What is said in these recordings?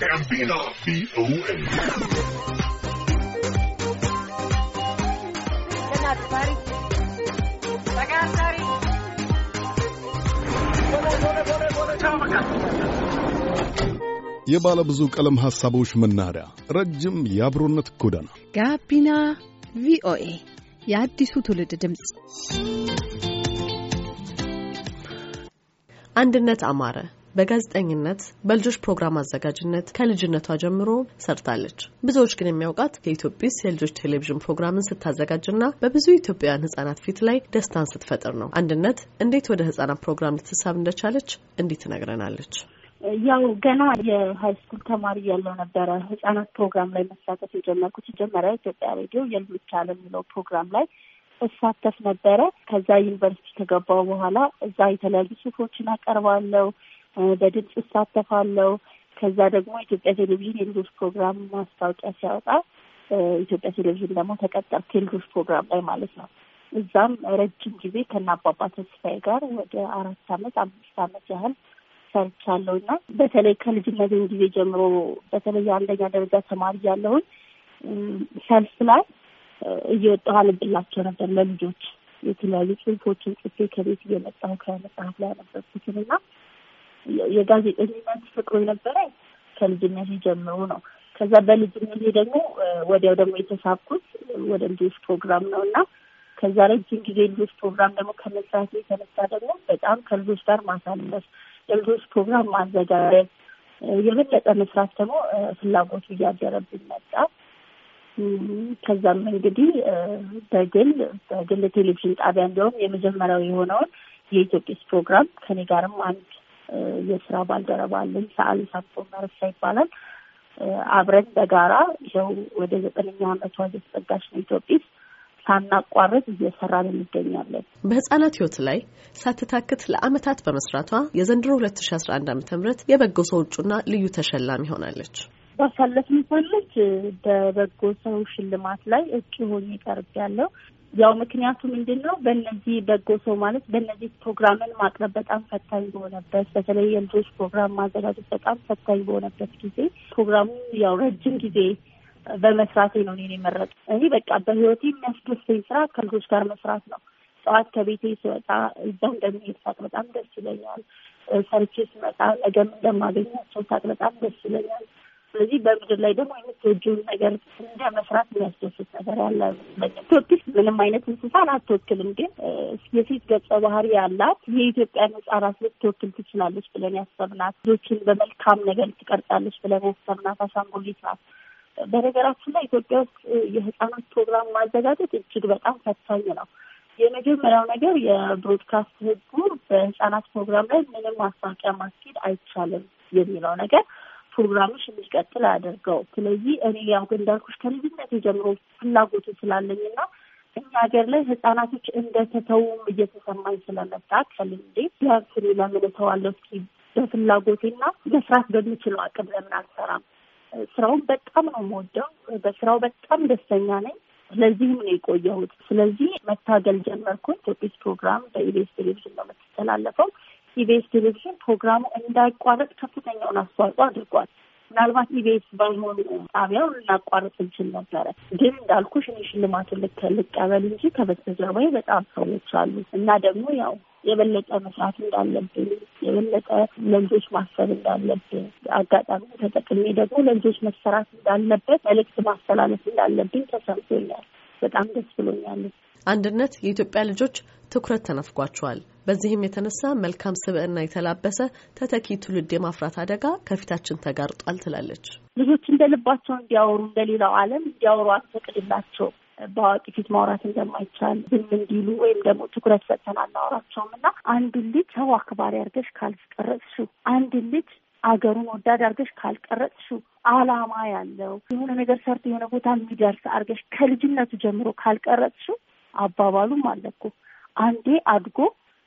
ጋቢና የባለ ብዙ ቀለም ሐሳቦች መናኸሪያ፣ ረጅም የአብሮነት ጎዳና ጋቢና ቪኦኤ የአዲሱ ትውልድ ድምፅ። አንድነት አማረ በጋዜጠኝነት በልጆች ፕሮግራም አዘጋጅነት ከልጅነቷ ጀምሮ ሰርታለች። ብዙዎች ግን የሚያውቃት የኢትዮጲስ የልጆች ቴሌቪዥን ፕሮግራምን ስታዘጋጅና በብዙ ኢትዮጵያውያን ህጻናት ፊት ላይ ደስታን ስትፈጥር ነው። አንድነት እንዴት ወደ ህጻናት ፕሮግራም ልትሳብ እንደቻለች እንዲህ ትነግረናለች። ያው ገና የሀይ ስኩል ተማሪ ያለው ነበረ ህጻናት ፕሮግራም ላይ መሳተፍ የጀመርኩት። መጀመሪያ ኢትዮጵያ ሬዲዮ የልጆች ዓለም የሚለው ፕሮግራም ላይ እሳተፍ ነበረ። ከዛ ዩኒቨርሲቲ ከገባው በኋላ እዛ የተለያዩ ጽሁፎችን አቀርባለሁ። በድምፅ እሳተፋለሁ። ከዛ ደግሞ ኢትዮጵያ ቴሌቪዥን የልጆች ፕሮግራም ማስታወቂያ ሲያወጣ ኢትዮጵያ ቴሌቪዥን ደግሞ ተቀጠርኩ የልጆች ፕሮግራም ላይ ማለት ነው። እዛም ረጅም ጊዜ ከናባባ ተስፋዬ ጋር ወደ አራት አመት አምስት አመት ያህል ሰርቻለሁ እና በተለይ ከልጅነትን ጊዜ ጀምሮ በተለይ አንደኛ ደረጃ ተማሪ ያለሁኝ ሰልፍ ላይ እየወጣሁ አልብላቸው ነበር ለልጆች የተለያዩ ጽሁፎችን ጽፌ ከቤት እየመጣሁ ከመጽሐፍ ላይ ያነበብኩትን እና የጋዜጠኝነት ፍቅሩ የነበረኝ ከልጅነት ጀምሮ ነው። ከዛ በልጅነት ደግሞ ወዲያው ደግሞ የተሳብኩት ወደ ልጆች ፕሮግራም ነው እና ከዛ ረጅም ጊዜ ልጆች ፕሮግራም ደግሞ ከመስራት የተነሳ ደግሞ በጣም ከልጆች ጋር ማሳለፍ፣ ለልጆች ፕሮግራም ማዘጋጀት የበለጠ መስራት ደግሞ ፍላጎቱ እያደረብኝ መጣ። ከዛም እንግዲህ በግል በግል ቴሌቪዥን ጣቢያ እንዲሁም የመጀመሪያው የሆነውን የኢትዮጵስ ፕሮግራም ከኔ ጋርም አንድ የስራ ባልደረባ አለኝ ሰአል ሳብቶ መርሳ ይባላል። አብረን በጋራ ይኸው ወደ ዘጠነኛ ዓመቷ የተጠጋች ነው ኢትዮጵስ ሳናቋረጥ እየሰራን እንገኛለን። በህጻናት ህይወት ላይ ሳትታክት ለአመታት በመስራቷ የዘንድሮ ሁለት ሺ 2011 ዓ ም የበጎ ሰው እጩና ልዩ ተሸላሚ ሆናለች። ባሳለፍን ሳምንት በበጎ ሰው ሽልማት ላይ እጩ ሆኜ ያለው ያው ምክንያቱ ምንድን ነው? በእነዚህ በጎ ሰው ማለት በእነዚህ ፕሮግራምን ማቅረብ በጣም ፈታኝ በሆነበት በተለይ የልጆች ፕሮግራም ማዘጋጀት በጣም ፈታኝ በሆነበት ጊዜ ፕሮግራሙ ያው ረጅም ጊዜ በመስራቴ ነው እኔን የመረጡ። እኔ በቃ በህይወቴ የሚያስደስተኝ ስራ ከልጆች ጋር መስራት ነው። ጠዋት ከቤቴ ስወጣ እዛ እንደሚሄድ ሳቅ በጣም ደስ ይለኛል። ሰርቼ ስመጣ ነገም እንደማገኛቸው ሳቅ በጣም ደስ ይለኛል። ስለዚህ በምድር ላይ ደግሞ የምትወጂውን ነገር እንደ መስራት የሚያስደስት ነገር ያለ ትወክል ምንም አይነት እንስሳ አትወክልም፣ ግን የሴት ገጸ ባህሪ ያላት የኢትዮጵያን ሕጻናት ልትወክል ትችላለች ብለን ያሰብናት ልጆችን በመልካም ነገር ትቀርጻለች ብለን ያሰብናት አሻንጉሊት ናት። በነገራችን ላይ ኢትዮጵያ ውስጥ የሕጻናት ፕሮግራም ማዘጋጀት እጅግ በጣም ፈታኝ ነው። የመጀመሪያው ነገር የብሮድካስት ህጉ በሕጻናት ፕሮግራም ላይ ምንም ማስታወቂያ ማስኬድ አይቻልም የሚለው ነገር ፕሮግራሞች እንዲቀጥል አድርገው። ስለዚህ እኔ ያው ግን እንዳልኩሽ ከልጅነት የጀምሮ ፍላጎቱ ስላለኝ ስላለኝና እኛ ሀገር ላይ ህጻናቶች እንደተተውም እየተሰማኝ ስለመጣ ከልምዴ ቢያንስ እኔ ለምን እተዋለሁ እስኪ በፍላጎቴና መስራት በምችለው አቅም ለምን አልሰራም? ስራውን በጣም ነው የምወደው። በስራው በጣም ደስተኛ ነኝ። ስለዚህም ነው የቆየሁት። ስለዚህ መታገል ጀመርኩኝ። ኢትዮጵስ ፕሮግራም በኢቤስ ቴሌቪዥን ነው የምትተላለፈው። ኢቢኤስ ቴሌቪዥን ፕሮግራሙ እንዳይቋረጥ ከፍተኛውን አስተዋጽኦ አድርጓል። ምናልባት ኢቢኤስ ባይሆን ጣቢያው ልናቋርጥ እንችል ነበረ። ግን እንዳልኩሽ እኔ ሽልማቱን ልክ ልቀበል እንጂ ከበስተጀርባዬ በጣም ሰዎች አሉ እና ደግሞ ያው የበለጠ መስራት እንዳለብን የበለጠ ለልጆች ማሰብ እንዳለብን አጋጣሚ ተጠቅሜ ደግሞ ለልጆች መሰራት እንዳለበት መልእክት ማስተላለፍ እንዳለብኝ ተሰምቶኛል። በጣም ደስ ብሎኛል። አንድነት የኢትዮጵያ ልጆች ትኩረት ተነፍጓቸዋል። በዚህም የተነሳ መልካም ስብዕና የተላበሰ ተተኪ ትውልድ የማፍራት አደጋ ከፊታችን ተጋርጧል ትላለች። ልጆች እንደ ልባቸው እንዲያወሩ እንደሌላው ዓለም እንዲያወሩ አትፈቅድላቸው። በአዋቂ ፊት ማውራት እንደማይቻል ዝም እንዲሉ ወይም ደግሞ ትኩረት ሰጥተን አናወራቸውም እና አንዱን ልጅ ሰው አክባሪ አድርገሽ ካልቀረጽሽው፣ አንድ ልጅ አገሩን ወዳድ አድርገሽ ካልቀረጽሽው፣ አላማ ያለው የሆነ ነገር ሰርቶ የሆነ ቦታ የሚደርስ አድርገሽ ከልጅነቱ ጀምሮ ካልቀረጽሽው አባባሉም አለኩ አንዴ አድጎ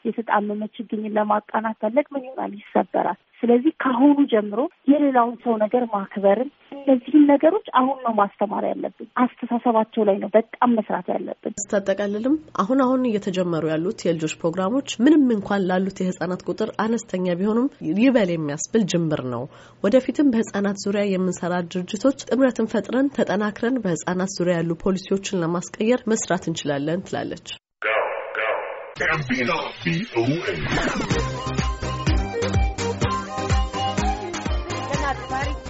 የተጣመመ ችግኝን ለማቃናት ፈለግ ምን ይሆናል? ይሰበራል። ስለዚህ ከአሁኑ ጀምሮ የሌላውን ሰው ነገር ማክበርን፣ እነዚህን ነገሮች አሁን ነው ማስተማር ያለብን። አስተሳሰባቸው ላይ ነው በጣም መስራት ያለብን። ስታጠቃልልም አሁን አሁን እየተጀመሩ ያሉት የልጆች ፕሮግራሞች ምንም እንኳን ላሉት የህጻናት ቁጥር አነስተኛ ቢሆኑም ይበል የሚያስብል ጅምር ነው። ወደፊትም በህጻናት ዙሪያ የምንሰራ ድርጅቶች ጥምረትን ፈጥረን ተጠናክረን በህጻናት ዙሪያ ያሉ ፖሊሲዎችን ለማስቀየር መስራት እንችላለን ትላለች። Gambino VOA. Good night, everybody.